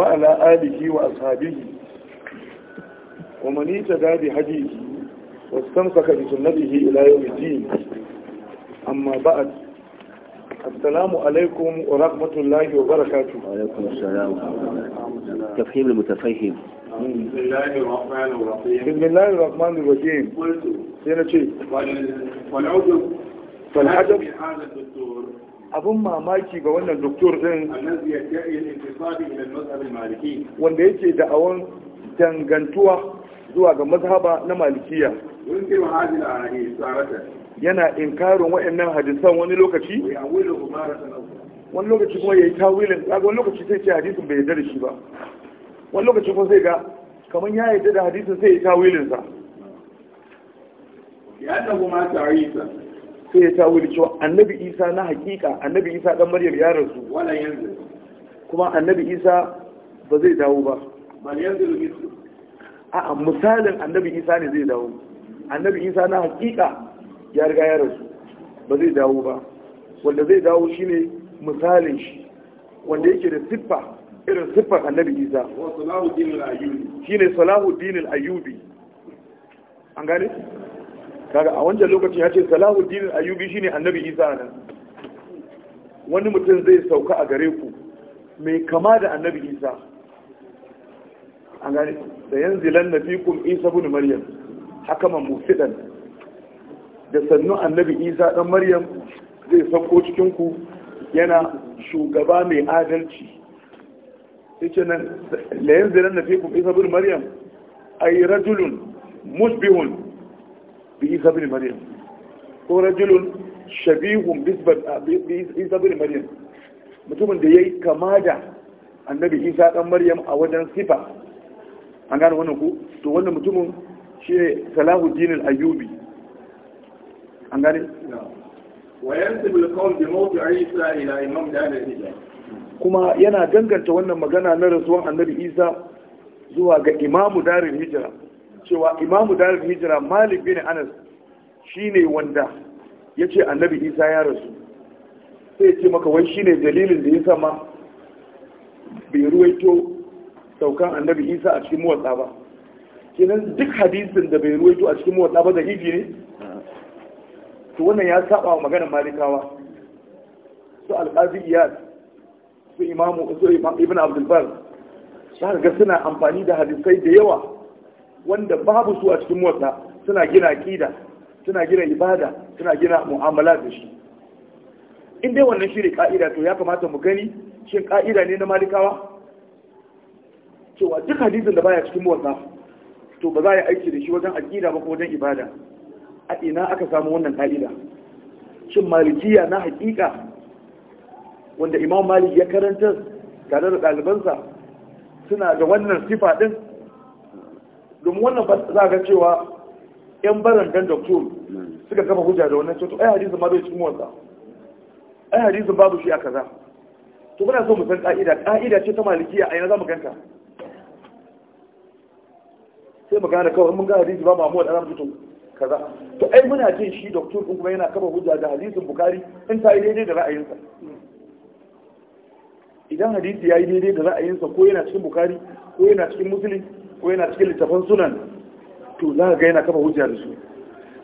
وعلى آله وأصحابه ومن يتدى بهديه واستمسك بسنته إلى يوم الدين أما بعد السلام عليكم ورحمة الله وبركاته وعليكم السلام تفهيم المتفهم بسم الله الرحمن الرحيم بسم الله الرحمن الرحيم قلت والعجب فالعجب هذا الدكتور abin mamaki ga wannan doktor din wanda yake da'awan dangantuwa zuwa ga mazhaba na malikiya yana inkarin nan hadisan wani lokaci wani lokaci kuma ya yi tawilin wani lokaci sai ce hadisun bai yarda da shi ba wani lokaci kuma sai ga kamar ya yarda da hadisun sai ya yi tawilinsa ya ɗago ma tarihisa sai ya tawili cewa annabi isa na hakika annabi isa dan maryam ya rasu wala yanzu kuma annabi isa ba zai dawo ba bal yanzu isu a'a misalin annabi isa ne zai dawo annabi isa na hakika ya riga ya rasu ba zai dawo ba wanda zai dawo shine misalin shi wanda yake da siffa irin siffar annabi isa shine salahu dinil ayyubi an gane kaga a wancan lokacin ya ce salahuddin ayyubi shine annabi isa nan wani mutum zai sauka a gare ku mai kama da annabi isa A gani da yanzu lanna kun isa bin maryam hakaman mufidan da sannu annabi isa dan maryam zai sauko cikin ku yana shugaba mai adalci ce nan la yanzu lanna kun isa bin maryam ay rajulun musbihun بإيسى بن مريم هو رجل شبيه بإيسى بن مريم mutumin da ya yi kama da annabi isa ɗan maryam a wajen sifa an gane wannan ku to wannan mutumin shi ne salahuddin al-ayyubi an gane kuma yana danganta wannan magana na rasuwan annabi isa zuwa ga imamu darin hijira cewa imamu darar hijira malik bin anas shine wanda ya ce annabi isa ya rasu sai ce maka wai shine dalilin da ya sama bai ruwaito saukan annabi isa a cikin mawatsa ba kenan duk hadisin da bai ruwaito a cikin mawatsa ba da hiji ne to wannan ya saba wa maganar malikawa su alƙazi iyad su imamu su ibn abdulbar za ga suna amfani da hadisai da yawa wanda babu su a cikin motsa suna gina kida suna gina ibada suna gina mu'amala da shi in dai wannan shirin ka'ida to ya kamata mu gani shin ka'ida ne na malikawa cewa duk hadisin da baya cikin motsa to ba za a yi aiki da shi wajen akida ba ko wajen ibada a ina aka samu wannan ka'ida shin malikiya na hakika wanda imam malik ya karanta tare da ɗalibansa suna da wannan sifa ɗin domin wannan za ga cewa yan baran dan doktor suka kafa hujja da wannan cewa ai hadisin ma bai cikin wasa ai hadisin babu shi a kaza to muna so mu san ka'ida ka'ida ce ta malikiya a ina za mu ganta sai mu gane kawai mun ga hadisi ba mu da zamu kaza to ai muna jin shi doktor din kuma yana kafa hujja da hadisin bukari in ta yi daidai da ra'ayinsa idan hadisi ya yi daidai da ra'ayinsa ko yana cikin bukari ko yana cikin musulun ko yana cikin littafan sunan to za ka ga yana kafa hujja da su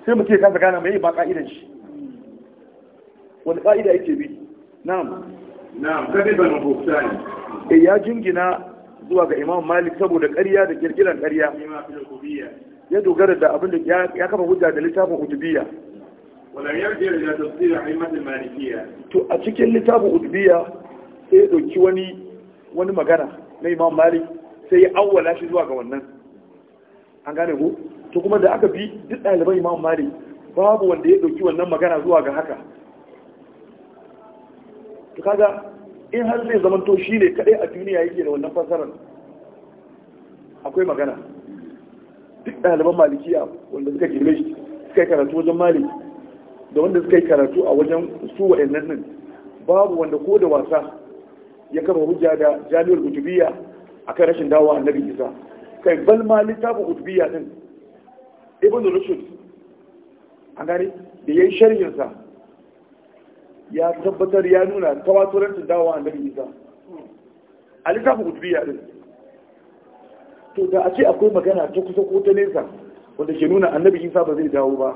sai mutum ya kasa gana mai ba ka'idan shi wani ka'ida yake bi na'am na'am kadi ban buktani eh ya jingina zuwa ga imam malik saboda ƙarya da kirkiran ƙarya ya dogara da abin da ya kafa hujja da littafin utubiya wala yarji ila tafsir aimat al-malikiyya to a cikin littafin utubiya sai ya dauki wani wani magana na imam malik sai ya awwala shi zuwa ga wannan an gane ku to kuma da aka bi duk ɗaliban imam malik babu wanda ya ɗauki wannan magana zuwa ga haka to kaga in har zai zama to shi ne kaɗai a duniya yake da wannan fasarar akwai magana duk ɗaliban malikiya wanda suka girme shi suka yi karatu wajen malik da wanda suka yi karatu a wajen su wa'annan nan babu wanda ko da wasa ya kafa hujja da jami'ar kutubiyya. A kai rashin dawo annabi isa kai bal ma littafin utbiya din ibn rushd an gani da yayin sharhin sa ya tabbatar ya nuna tawaturancin dawo annabi isa a littafin utbiya din to da a ce akwai magana ta kusa ko ta nesa wanda ke nuna annabi isa ba zai dawo ba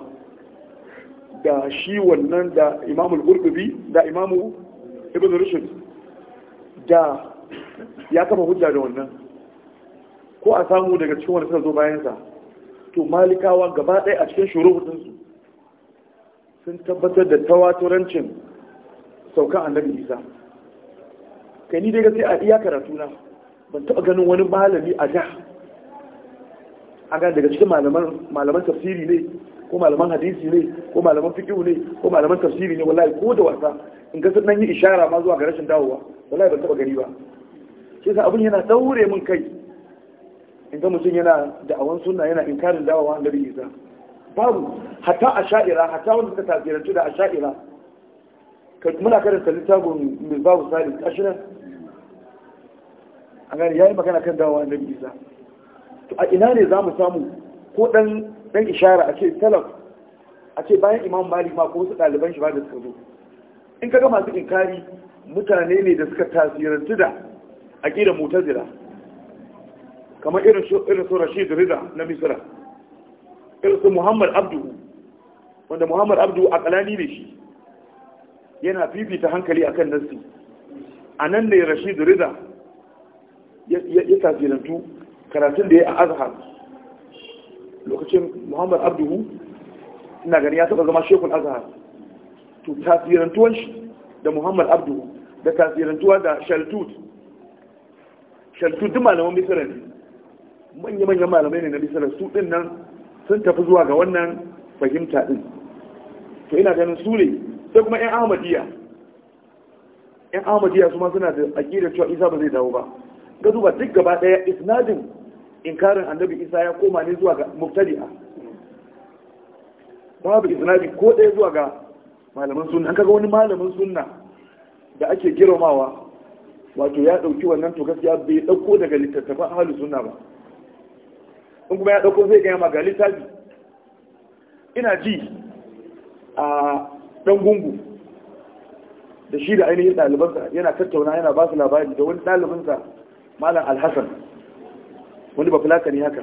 da shi wannan da imamul qurtubi da imamu ibn rushd da ya kama hujja da wannan ko a samu daga cikin wanda suka zo bayansa to malikawa gaba ɗaya a cikin shuruɗinsu sun tabbatar da sauka saukan annabi isa kai ni dai sai a iya karatuna na ban taɓa ganin wani malami a da a ga daga cikin malaman tafsiri ne ko malaman hadisi ne ko malaman fikihu ne ko malaman tafsiri ne wallahi ko da wasa in ga sun nan yi ishara ma zuwa ga rashin dawowa wallahi ban taɓa gani ba shi sa abin yana daure mun kai in ga mutum yana da'awan sunna yana inkarin dawowa wa hangar isa babu hatta a sha'ira hatta wanda suka tasirantu da a sha'ira muna karanta littafin mai babu salis ashirin a gani ya yi magana kan dawowa an gari isa a ina ne za mu samu ko dan ishara a ce talaf a ce bayan imam malik ma ko wasu ɗaliban shi ba da suka zo in kaga masu inkari mutane ne da suka tasirantu da aqidar mu'tazila kamar irin su irin so Rashid Rida na Misra irin su Muhammad Abdu wanda Muhammad Abdu akalani ne shi yana fifita hankali akan nassi anan ne Rashid Rida ya tasirantu karatun da ya a Azhar lokacin Muhammad Abdu ina gani ya taba zama shekul Azhar to tafilantuwan shi da Muhammad Abdu da tasirantuwa da Shaltut shaltu duk malaman misira ne manya-manyan malamai ne na misira su din nan sun tafi zuwa ga wannan fahimta din. to ina ganin su ne sai kuma 'yan ahmadiyya yan ahmadiyya su ma suna da aƙida cewa isa ba zai dawo ba ga duba duk gaba ɗaya isnadin inkarin annabi isa ya koma ne zuwa ga mubtadi'a babu isnadi ko ɗaya zuwa ga malaman sunna an kaga wani malamin sunna da ake girmamawa wato ya ɗauki wannan to gaskiya bai dauko daga littattafan ahalus sunna ba in kuma ya ɗauko zai gaya ma ga littafi ina ji a ɗan gungu da shi da ainihin ɗalibansa yana tattauna yana ba su labari da wani ɗalibinsa malam alhassan wani bafilaka ne haka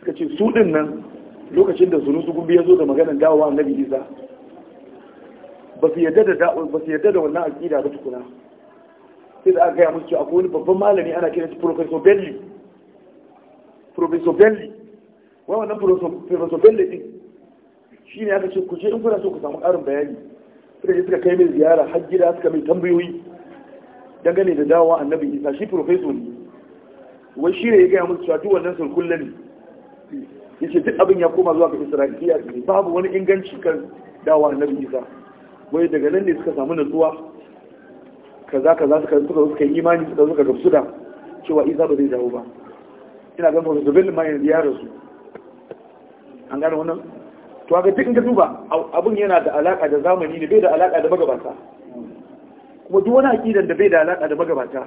suka ce su ɗin nan lokacin da sunu su gumbi ya zo da maganar dawowa annabi isa ba su yadda da wannan aƙida ba tukuna sai da aka gaya musu cewa akwai wani babban malami ana kiran shi professor belli professor belli wai wannan professor belli din shi ne aka ce ku ce in kuna so ku samu ƙarin bayani suka je suka kai mai ziyara har gida suka mai tambayoyi dangane da dawowa annabi isa shi professor ne wai shi ne ya gaya musu cewa duk wannan sulkulla ne ce duk abin ya koma zuwa ga isra'iliya babu wani inganci kan dawowa annabi isa wai daga nan ne suka samu natsuwa kaza kaza suka suka suka imani suka suka gamsu da cewa isa ba zai dawo ba ina ga mu zubin ma yanzu ya rasu an gane wannan to ga duk in ka duba abun yana da alaka da zamani ne bai da alaka da magabata kuma duk wani aqidan da bai da alaka da magabata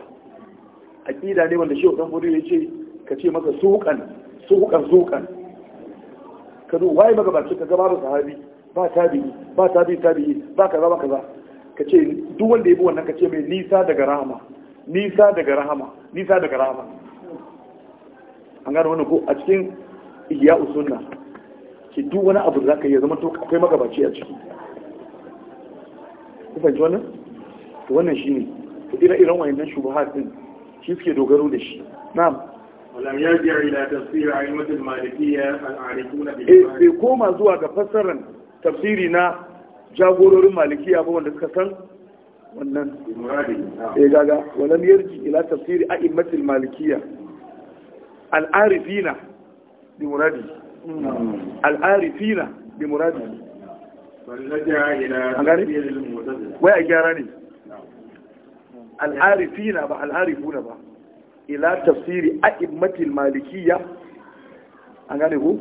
aqida ne wanda shehu dan gudu yace ka ce masa suqan suqan suqan ka zo waye magabaci ka ga babu sahabi ba tabi'i ba tabi'i tabi'i ba kaza ba kaza ka ce duk wanda ya bi wannan ka ce mai nisa daga rahama nisa daga rahama nisa daga rahama an gano wannan ko a cikin iya usunna ki duk wani abu da zaka yi zama to akwai magabaci a ciki ku fahimci wannan to wannan shine to ire iren wayannan shubuhat din shi suke dogaro da shi na'am ولم يرجع الى تفسير ائمه المالكيه العارفون بالفقه. ايه بيكون zuwa ga fassarar tafsiri na jagororin malikiya ba wanda suka san wannan E, gaga Wannan yarji ila tafsiri a'immatil malikiya al'arifina bi muradi al'arifina bi muradi wai a gyara ne al'arifina ba al'arifuna ba ila tafsiri a'immatil malikiya an gane ku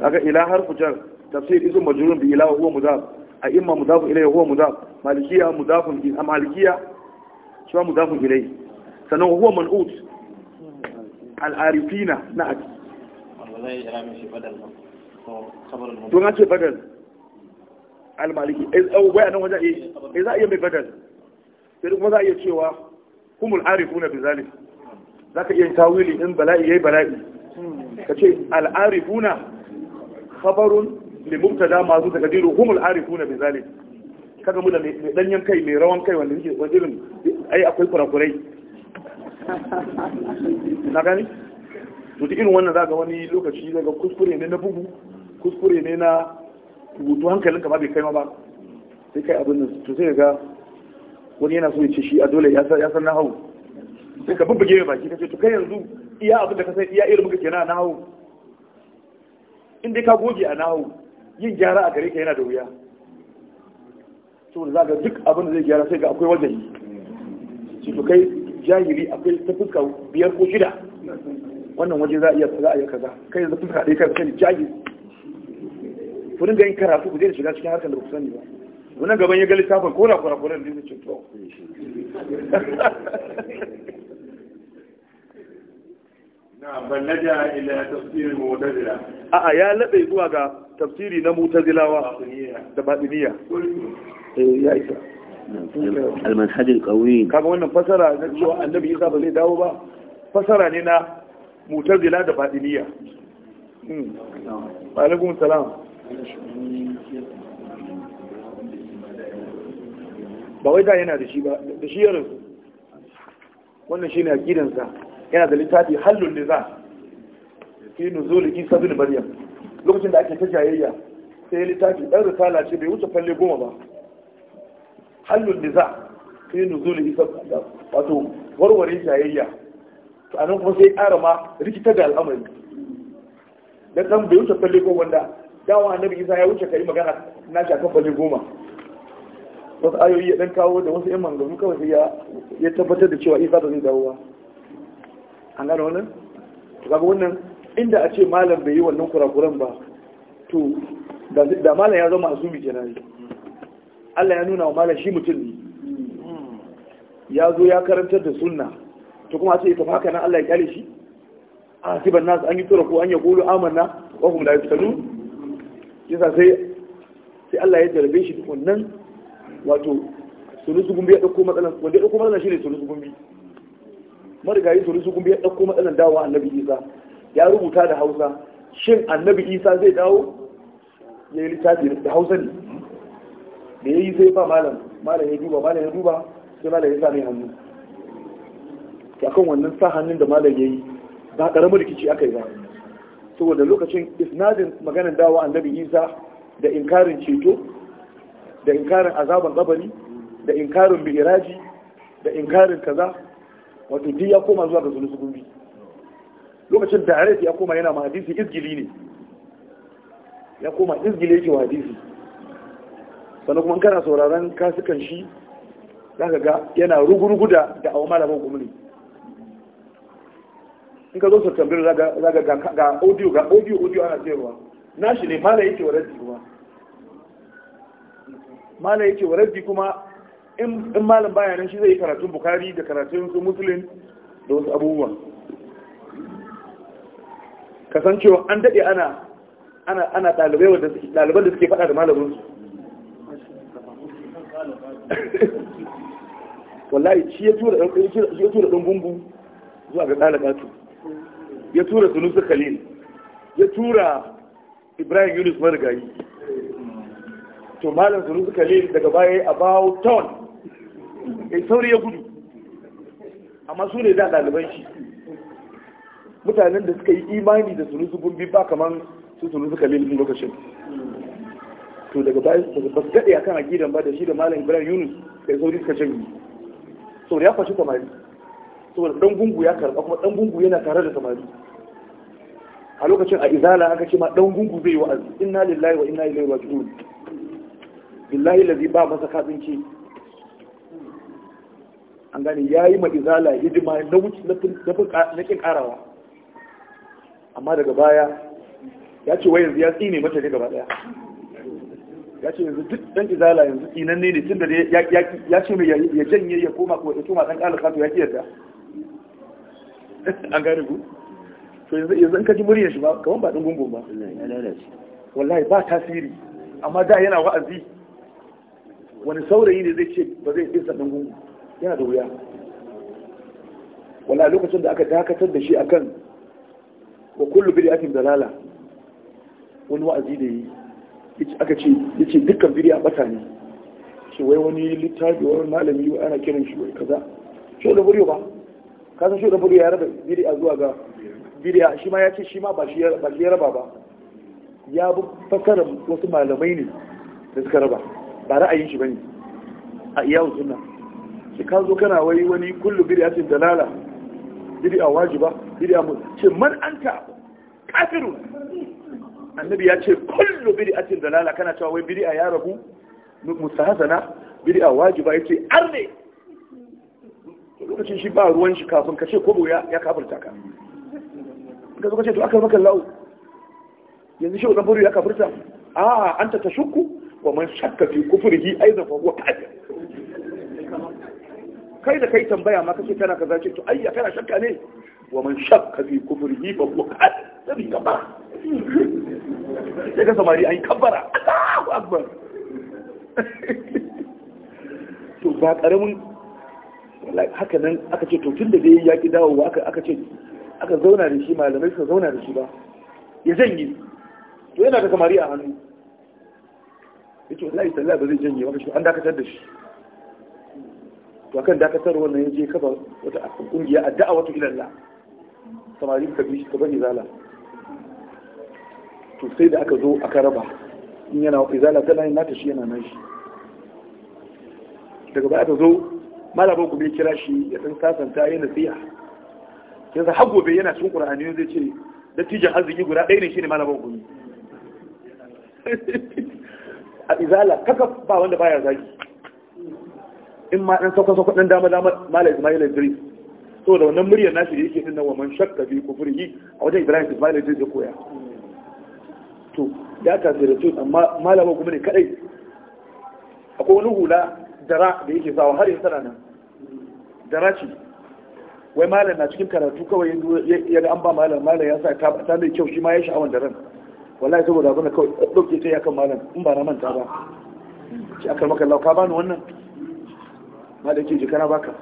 kaga ila harfu jar tafsir izin majrurun bi ila huwa mudaf a imma mudafu ilai huwa mudaf malikiya mudafun ilai malikiya shi ma mudafun ilai sannan huwa man'ut al'arifina na aki don an ce badal al-maliki eh, eh, a nan wajen eh, eh za a iya mai badal sai kuma za a iya cewa humul arifuna bi zalim za ka iya yin tawili in bala'i ya yi bala'i ka ce al'arifuna khabarun limubtada masu takadiru humul arifuna bi kaga mu da mai danyen kai mai rawan kai wanda yake wani irin ai akwai kurakurai na gani to duk irin wannan zaka wani lokaci daga kuskure ne na bugu kuskure ne na rubutu hankalinka ba bai kai ma ba sai kai abin nan to sai ga wani yana so ya ce shi a dole ya san na hau sai ka bubbuge mai baki kace to kai yanzu iya abin da ka san iya irin muka kenan na hau in dai ka goge a na yin gyara a gare ka yana da wuya saboda za ga duk abin da zai gyara sai ga akwai wajen shi to kai jahili akwai ta fuska biyar ko shida wannan waje za a iya za a yi kaza kai yanzu fuska ɗaya kai sani jahili ku ga yin karatu ku zai shiga cikin harkar da ku sani ba wannan gaban ya ga littafin kora kora kora da zai ce to a'a ya laɓe zuwa ga tafsiri na mutazilawa da baɗiniya eh, ya isa almanhajin ƙauyi kaga wannan fasara na cewa annabi isa ba zai dawo ba fasara ne na mutazila da baɗiniya hmm. alaikun salam ba wai da yana da shi ba da shi yarin. wannan shi ne a gidansa yana da littafi hallun za fi nuzul isa bin maryam lokacin da ake ta jayayya sai littafi ɗan risala ce bai wuce falle goma ba hallun za fi nuzul isa wato warware jayayya to anan kuma sai ƙara ma rikita da al'amari dan dan bai wuce falle goma wanda dawa annabi isa ya wuce kai magana na shi akan falle goma wasu ayoyi ya dan kawo da wasu yan mangaru kawai sai ya tabbatar da cewa isa ba zai dawo ba an gano wannan to kaga wannan inda a ce malam bai yi wannan kurakuran ba to da malam ya zama azumi kenan Allah ya nuna wa malam shi mutum ne ya zo ya karantar da sunna to kuma sai ita haka nan Allah ya kare shi a siban nasu an yi tura ko an ya kulu amanna wa hum la yuftanu yasa sai sai Allah ya jarbe shi tukunnan wato sunu su gumbi ya dauko matsalan wanda ya dauko matsalan sunu su gumbi marigayi su rusu kuma ya ɗauko matsalan a annabi isa ya rubuta da hausa shin annabi isa zai dawo ya yi littafi da hausa ne da ya yi sai ba malam malam ya duba malam ya duba sai malam ya sa mai hannu kan wannan sa hannun da malam ya yi ba ƙaramin rikici aka yi ba saboda lokacin isnadin maganar dawa annabi isa da inkarin ceto da inkarin azaban gabari da inkarin bihiraji da inkarin kaza wato duk ya koma zuwa ga zulusu gumbi lokacin da harafi ya koma yana ma hadisi izgili ne ya koma izgili yake wa hadisi sannan kuma kana sauraron kasukan shi za ka ga yana rugurugu da da awon malaman gumni in ka zo su tambayar za ga ga audio ga audio audio ana sayarwa shi ne mala yake wa raddi kuma mala yake wa raddi kuma in malam baya nan shi zai yi karatun bukari da karatun su musulun da wasu abubuwa kasancewa an daɗe ana ana ɗalibai da suke faɗa da su wallahi shi ya tura ɗan gungun zuwa ga ɗalibatu ya tura sunusa khalil ya tura ibrahim yunus marigayi to malam sunusa khalil daga baya about tone ya sauri ya gudu amma su ne da ɗaliban shi mutanen da suka yi imani da sulusu gurbi ba kamar su sulusu lilin lokacin to daga baya ba su daɗe akan aƙidan ba da shi da malam ibrahim yunus da sauri suka yi. saboda ya fashi samari saboda ɗan gungu ya karɓa kuma ɗan gungu yana tare da samari a lokacin a izala aka ce ma ɗan gungu zai yi wa'azi inna lillahi wa inna ilaihi raji'un billahi lazi ba masa katsinci an gane ya yi ma'izala hidima na wuce na kin karawa amma daga baya ya ce wai yanzu ya tsine mata ne gaba daya ya ce yanzu duk dan izala yanzu tsinan ne tun tunda ya ce mai ya janye ya koma ko ya tuma dan kalaka to ya ki yarda an gane ku to yanzu yanzu an ka ji muryar shi ba kaman ba din gungun ba wallahi ba tasiri amma da yana wa'azi wani saurayi ne zai ce ba zai isa dan gungun yana da wuya wala lokacin da aka dakatar da shi akan wa kullu bid'atin dalala wani wa'azi da yi aka ce yace dukkan a bata ne ce wai wani littafi wani malami wa ana kiran shi wai kaza shi da buriyo ba ka san shi da buriyo ya raba a zuwa ga bid'a shi ma ya ce shi ma ba shi ya raba ba ya bi fasarar wasu malamai ne da suka raba ba ra'ayin shi ne, a iyawun sunan. da ka zo kana wai wani kullu yasin dalala a wajiba bid'a mu ce man anta kafirun annabi ya ce kullu yasin dalala kana cewa wai a ya rabu bir a wajiba yace arne lokacin shi ba ruwan shi kafin ka ce kobo ya kafirta ka ka zo ka ce to aka maka lau yanzu shi wannan buri ya kafirta a anta tashukku wa man shakka fi kufrihi aidan fa huwa kafir kai da kai tambaya maka ce kana kaza ce to ayya kana shakka ne wa man shakka fi kufrihi fa huwa sabi kaba sai ka samari ai kabbara Allahu akbar to ba karamin haka nan aka ce to tunda dai ya ki dawowa aka aka ce aka zauna da shi malamai suka zauna da shi ba ya janye to yana da samari a hannu yace wallahi sallah ba zai janye ba an dakatar da shi to kan dakatar wannan yaje kafa wata kungiya addu'a wata ilalla samari ka bi ka bari zala to sai da aka zo aka raba in yana izala tana yin nata shi yana nan shi daga baya ta zo malamin ku bai kira shi ya san sasanta yana sai yanzu hago bai yana cikin qur'ani zai ce dattijan arziki guda ɗaya ne shine malamin ku a izala kaka ba wanda baya zagi in ma dan sauka sauka dan dama dama malam Ismail Idris to da wannan muryar nashi da yake nuna wa man shakka bi kufrihi a wajen Ibrahim Ismail Idris ya koya to ya da to amma malama kuma ne kadai akwai wani hula dara da yake sawa har yanzu nan dara ce wai malam na cikin karatu kawai ya ga an ba malam malam ya sa ta mai kyau shi ma ya sha'awan da ran wallahi saboda abin da kawai ɗauke ta ya kan malam in ba na manta ba shi aka maka lauka bani wannan malaki ji kana baka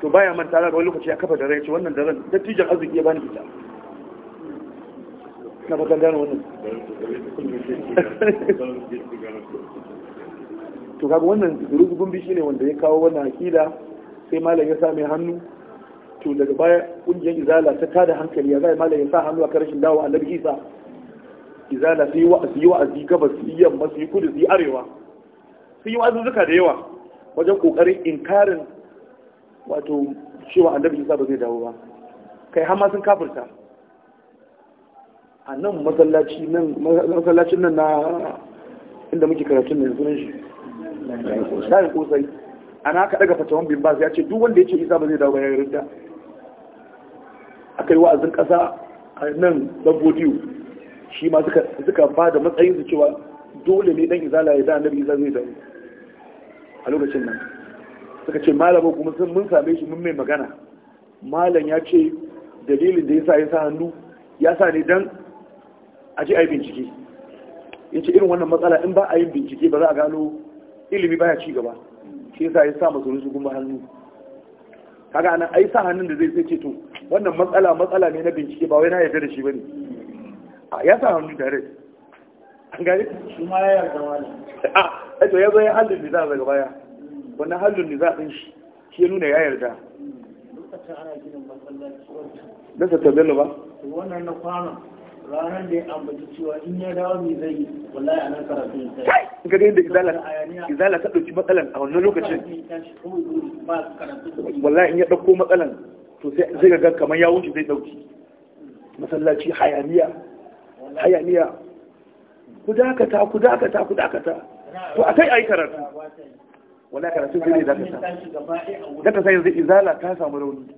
to baya manta da wani lokaci ya kafa da rai wannan daren dattijan arziki ya bani ita na ba gane wannan to kaga wannan rugugun bishi ne wanda ya kawo wannan akida sai malam ya sa mai hannu to daga baya kungiyar izala ta tada hankali ya zai malam ya sa hannu a karshen dawo annabi isa izala sai wa'azi wa'azi gabas yamma sai kudu sai arewa sai wa'azuzzuka da yawa wajen kokarin inkarin wato cewa annabi isa ba zai dawo ba kai har ma sun kafirta a nan masallacin nan na inda muke karatun da yanzu shi shayin kosai ana aka daga fatawan bin bas ya ce duk wanda ya ce isa ba zai dawo ba ya rinta aka yi wa'azin kasa a nan babbodiyo shi ma suka ba da matsayin su cewa dole ne dan izala ya da annabi isa zai dawo a lokacin nan suka ce malamin kuma sun mun same shi mun mai magana malam ya ce dalilin da ya sa ya sa hannu ya sa ne don a ji a yi bincike ya ce irin wannan matsala in ba a yin bincike ba za a gano ilimi ya ci gaba shi ya sa masu rusu kuma hannu kaga anan ai sa hannun da zai sai ce to wannan matsala matsala ne na bincike ba wai na yarda da shi bane a ya sa hannu tare an gane shi ma ya yarda wani a ah, aito ya zai halin niza daga baya wannan halin za a shi shi ya nuna ya yarda na sa tabbelo ba wannan na kwana. ranar da ya ambaci cewa in ya dawo mai zai yi wallahi a nan karatu ya sai ga da yadda izala ta ɗauki matsalan a wannan lokacin wallahi in ya ɗauko matsalan to sai zai ga kamar ya wuce zai ɗauki masallaci hayaniya hayaniya ku dakata ku dakata ku dakata to a kai a yi karatu wala karatu zai ne za ka sa za ka sa yanzu izala ta samu rauni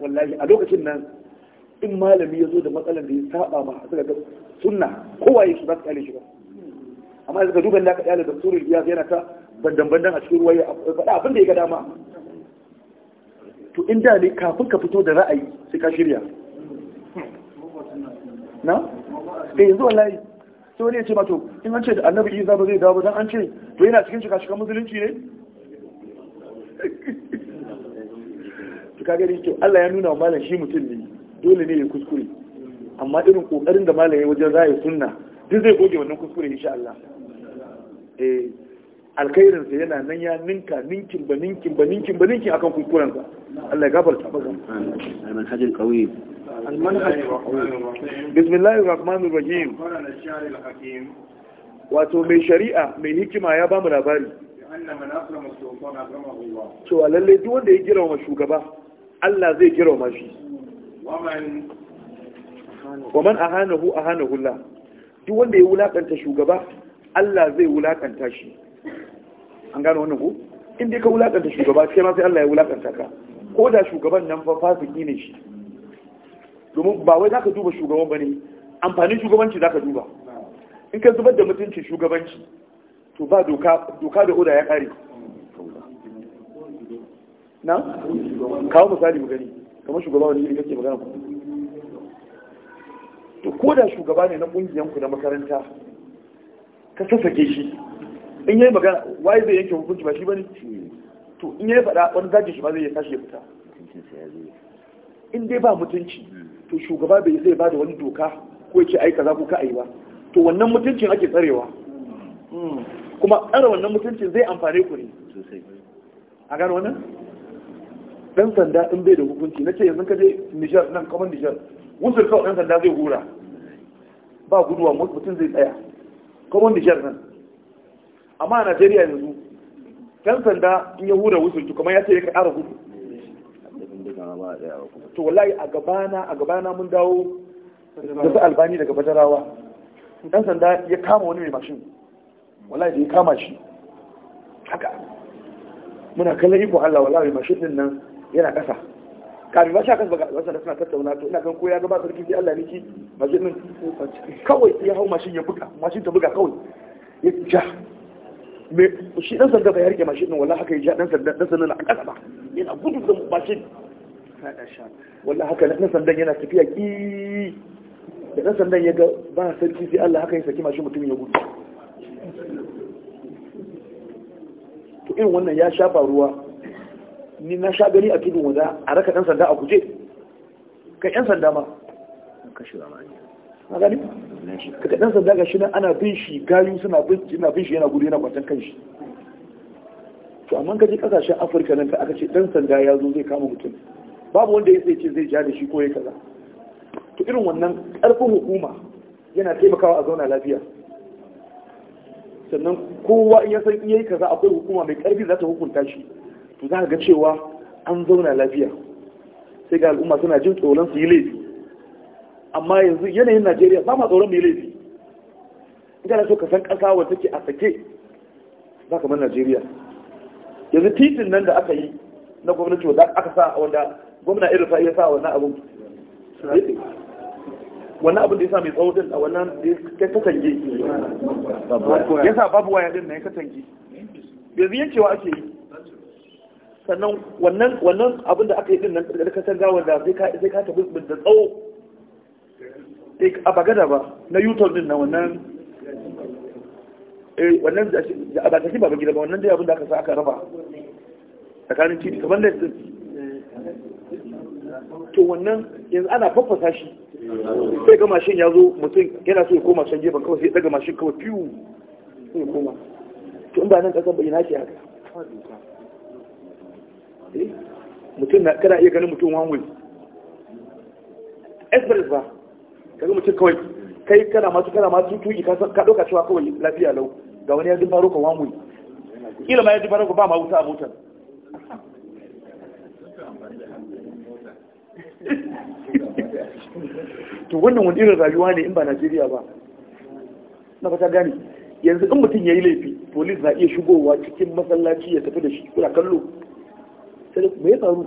wallahi a lokacin nan in malami ya zo da matsalar da ya saba ma suka ga sunna kowa ya shi ba su shi ba amma ka duban da ka kyale da surul biya yana ta bandan-bandan a cikin ruwa ya faɗa abin da ya ga dama to in da ne kafin ka fito da ra'ayi sai ka shirya na? da eh, yanzu wallahi sai wani ya ce mato in an ce da annabi isa ba zai dawo ba dan an ce to yana cikin shiga shiga musulunci ne to kaga dai to Allah ya nuna wa malam shi mutum ne dole ne ya kuskure amma irin kokarin da malam ya wajen a sunna duk zai goge wannan kuskure insha Allah eh alkhairin sa yana nan ya ninka ninkin ba ninkin ba ninkin ba ninkin akan kuskuren sa Allah ya gafarta maka amin hajin kauye بسم الله الرحمن الرحيم wato mai shari'a mai hikima ya bamu labari cewa lalle duk wanda ya girma shugaba Allah zai girma shi wa man ahanahu ahanahu Allah duk wanda ya wulakanta shugaba Allah zai wulakanta shi an gano wannan ko in dai ka wulakanta shugaba sai ma sai Allah ya wulakanta ka ko da shugaban nan fa fasiki ne shi domin ba wai ka duba shugaban bane amfanin shugabanci ka duba in ka zubar da mutuncin shugabanci to ba doka da oda ya kare na kawo misali mu gani kamar shugaba wani yi kake magana ku to ko da shugaba ne na kungiyan ku na makaranta ka sassake shi in yayi magana wai zai yanke hukunci ba shi bane to in yayi faɗa wani zaki shi ba zai ya tashi ya fita in dai ba mutunci to shugaba bai zai ba da wani doka ko yake aika kaza ko ka ai ba to wannan mutuncin ake tsarewa hmm. kuma tsara wannan mutuncin zai amfane ku ne a gano wannan dan sanda in bai da hukunci na ce yanzu ka je Nijar nan kamar Nijar wusul kawai dan sanda zai hura ba guduwa mutum zai tsaya kamar Nijar nan amma a Najeriya yanzu dan sanda in ya hura wusul to kamar ya ce ya ƙara gudu ba kuma to wallahi a gabana a gabana mun dawo da su albani daga bajarawa dan sanda ya kama wani mai mashin wallahi da ya kama shi haka muna kallon iko Allah wallahi mai mashin din nan yana kasa kafin ba shi akan ba wasu da suna tattauna to ina kan ko ya gaba sarki sai Allah niki. mashin din kawai ya hau mashin ya buga mashin ta buga kawai ya ja me shi dan sanda bai rike mashin din wallahi haka ya ja dan sanda dan sanda na kasa ba yana gudu da mashin wallah haka na sandan yana tafiya ki da ɗan sandan ya ga ba a sarki sai Allah haka ya saki mashi mutum ya gudu to irin wannan ya shafa ruwa ni na sha gani a tudun wada a raka ɗan sanda a guje ka ɗan sanda ma ka kaga ɗan sanda ga shi nan ana bin shi gayu suna bin shi yana gudu yana kwatan kanshi to amma ka kaje ƙasashen afirka nan ka aka ce ɗan sanda ya zo zai kama mutum babu wanda ya ce zai ja da shi ko ya kaza to irin wannan ƙarfin hukuma yana taimakawa a zauna lafiya sannan kowa in ya san iya yi kaza akwai hukuma mai ƙarfi za ta hukunta shi to za ga cewa an zauna lafiya sai ga al'umma suna jin tsoron su yi laifi amma yanzu yanayin najeriya ba ma tsoron mu laifi in kana so ka san ƙasa wa take a sake za ka bar najeriya yanzu titin nan da aka yi na gwamnati wanda aka sa wanda gwamna irin ta ya sa wannan abun wannan abin da ya sa mai tsawo din a wannan da ya katange ya sa babu waya din na ya katange zai yankewa ake yi sannan wannan abin da aka yi din nan da gawar da zai ka tafi da tsawo eh, a bagada ba na yutol din na wannan eh, wannan da ba ta ba gida ba wannan dai abin da aka sa aka raba tsakanin titi kamar da to wannan yanzu ana fafasa shi sai ga mashin ya zo mutum yana so ya koma can gefen kawai sai ya daga mashin kawai fiyu sai ya koma to in ba nan kasar bayyana ke haka eh, mutum na kada iya ganin mutum one way express ba kaga mutum kawai kai kana masu kana masu tuki ka ɗauka cewa kawai lafiya lau ga wani ya dimba roka one way kila ma ya dimba roka ba ma wuta a motar to wannan wani irin rayuwa ne in ba najeriya ba na fata gane yanzu in mutum ya yi laifi polis na iya shigowa cikin masallaci ya tafi da shi kuna kallo sai me ya faru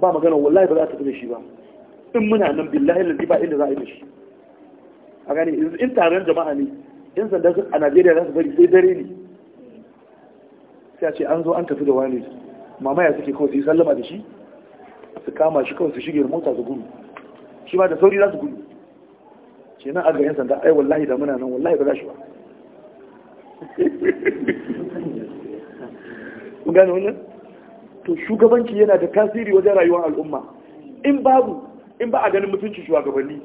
ba magana wallahi ba za a tafi da shi ba in muna nan billahi lalzi ba inda za a yi da shi a gane yanzu in taron jama'a ne yan sanda a najeriya za su bari sai dare ne sai a ce an zo an tafi da wani mamaya suke kawai su yi sallama da shi su kama shi kawai su shige mota su gudu shi ma da sauri za su gudu ce nan aga sanda ai wallahi da muna nan wallahi ba za shi ba kun gane wannan to shugabanci yana da tasiri wajen rayuwar al'umma in babu in ba a ganin mutuncin shugabanni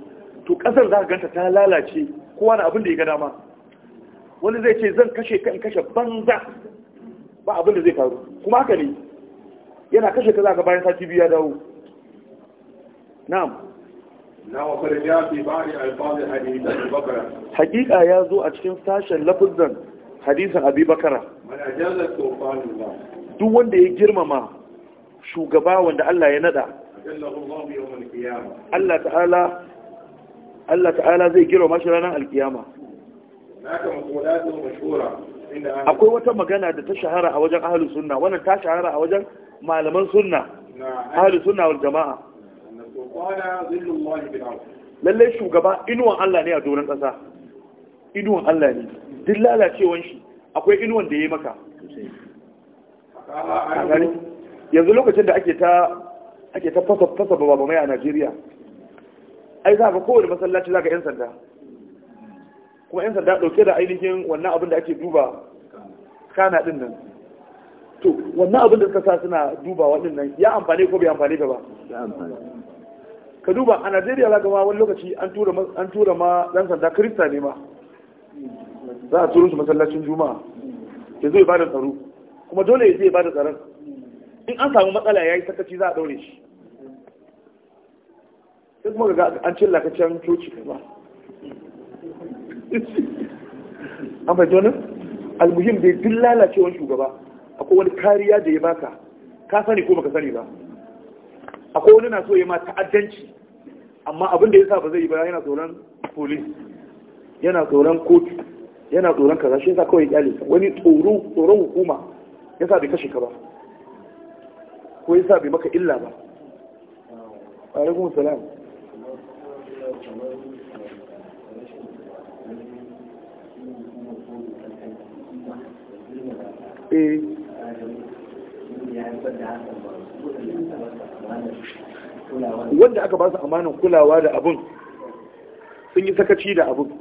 to kasar za ka ganta ta lalace kowa na abin da ya ga dama wani zai ce zan kashe kan kashe banza ba abin da zai faru kuma haka ne yana kashe ka za ka bayan sati biyu ya dawo na'am Hakika ya zo a cikin sashen lafizan hadisan abu Bakara. Duk wanda ya girmama shugaba wanda Allah ya nada. Allah ta'ala zai girmama mashi ranar alkiyama. Akwai wata magana da ta shahara a wajen ahalusunna, sunna, wannan ta shahara a wajen malaman sunna ahli sunna wal jama'a lallai shugaba inuwan Allah ne a doron ƙasa inuwan Allah ne duk lalacewan shi akwai inuwan da ya yi maka yanzu lokacin da ake ta ake ta fasa babba mai a Najeriya ai za ka kowane masallaci za ka 'yan sanda kuma 'yan sanda dauke da ainihin wannan abin da ake duba kana din nan to wannan abin da suka sa suna dubawa waɗannan nan ya amfani ko bai amfani ka ba ka duba a najeriya za ma wani lokaci an tura ma ɗan sanda kirista ne ma za a turu su masallacin juma'a Ke zai ba da tsaro kuma dole ya zai ba da tsaron in an samu matsala ya yi sakaci za a daure shi sai kuma ga an cilla ka can coci ba an fahimta wani almuhim bai dillala lalacewar shugaba akwai wani kariya da ya baka ka sani ko baka sani ba akwai wani na so ya ma ta'addanci amma abin da ya sa ba zai yi ba yana tsoron police yana tsoron kotu yana tsoron kaza shi yasa kawai kyale wani tsoro tsoron hukuma yasa bai kashe ka ba ko yasa bai maka illa ba alaikum salam eh wanda aka ba su amanin kulawa da abun sun yi sakaci da abun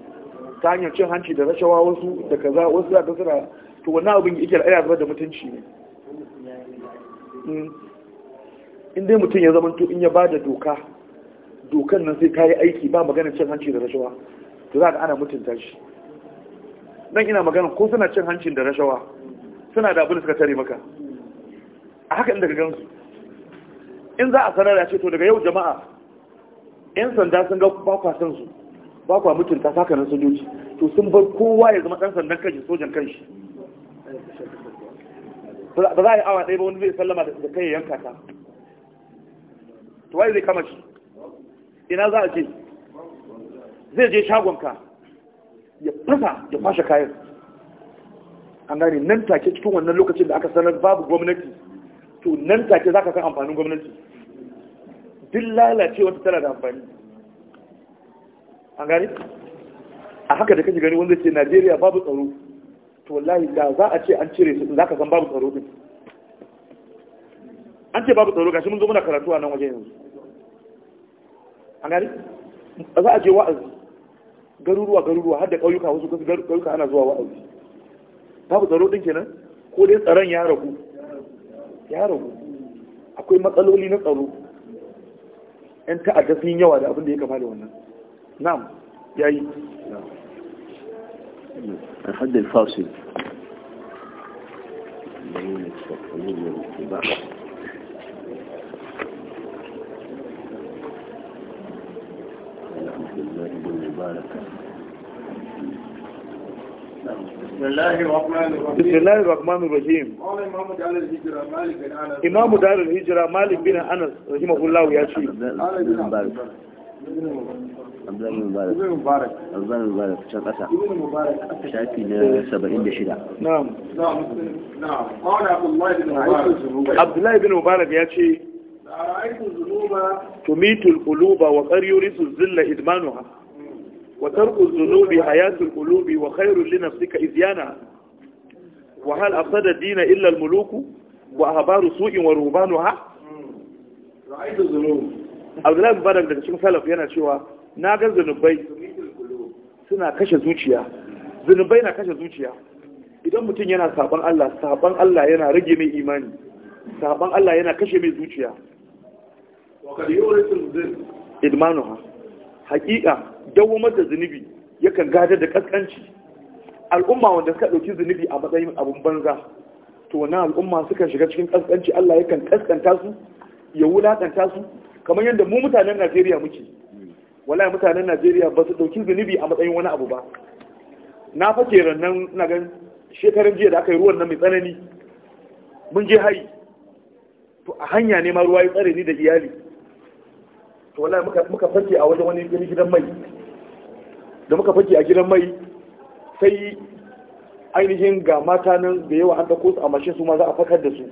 ta hanyar cin hanci da rashawa wasu da kaza wasu da ka suna to wannan abin yake da ayyar da mutunci ne hmm. in dai mutum ya zama to in ya ba da doka dokan nan sai ka yi aiki ba magana cin hanci da rashawa to za ka ana mutunta shi dan ina magana ko suna cin hancin da rashawa suna da abin da suka tare maka a haka inda ka gansu in za a sanar ya ce to daga yau jama'a yan sanda sun ga ba san su ba mutunta sakanin sojoji to sun bar kowa ya zama dan sandan kanshi sojan kanshi ba za a yi awa ɗaya ba wani zai sallama da kai yanka ta to wai zai kama shi ina za a ce zai je shagonka ya fasa ya fashe kayan an gane nan take cikin wannan lokacin da aka sanar babu gwamnati to nan take za ka san amfanin gwamnati duk lalace wata tana da amfani an gani a haka da kake gani wanda ce najeriya babu tsaro to wallahi da za a ce an cire su za ka san babu tsaro din an ce babu tsaro gashi mun zo muna karatu a nan waje yanzu an gani za a je wa'azi garuruwa garuruwa har da ƙauyuka wasu ƙauyuka ana zuwa wa'azi babu tsaro din kenan ko dai tsaron ya ragu Yaro, akwai matsaloli na tsaro yan ta'adda sun yawa da abin da ya kama da wannan na'am yayi yi. الفاصل بين بسم الله الرحمن الرحيم امام دار الهجره مالك بن انس رحمه الله ياشي ابن المبارك ابن بن مبارك المبارك شاكي سبعين بشدة نعم نعم نعم قال عبد الله بن مبارك عبد الله بن مبارك بن بن بن بن بن بن مبارك مبارك مبارك مبارك مبارك مبارك ياشي رأيت الذنوب بن مبارك وقد يورث الذل إدمانها wa tarku zunubi hayatul qulubi wa khairul li nafsika izyana wa hal afsada ad-din muluku wa ahbaru su'in wa Abdullahi Mubarak daga cikin salaf yana cewa na ga zunubai suna kashe zuciya idan mutum yana saban Allah saban Allah yana rage mai imani saban Allah yana kashe mai zuciya idmanuha hakika dawamar da zunubi yakan gada da kaskanci al'umma wanda suka dauki zunubi a matsayin abun banza to wannan al'umma suka shiga cikin kaskanci Allah yakan kaskanta su ya wulakanta su kamar yadda mu mutanen Najeriya muke wallahi mutanen Najeriya ba su dauki zunubi a matsayin wani abu ba na fake rannan na gan shekarun jiya da aka yi ruwan nan mai tsanani mun je hai to a hanya ne ma ruwa ya tsare ni da iyali wallahi muka a wajen wani gidan mai da muka fake a gidan mai sai ainihin ga mata nan da yawa an ɗauko su a mashin su ma za a fakar da su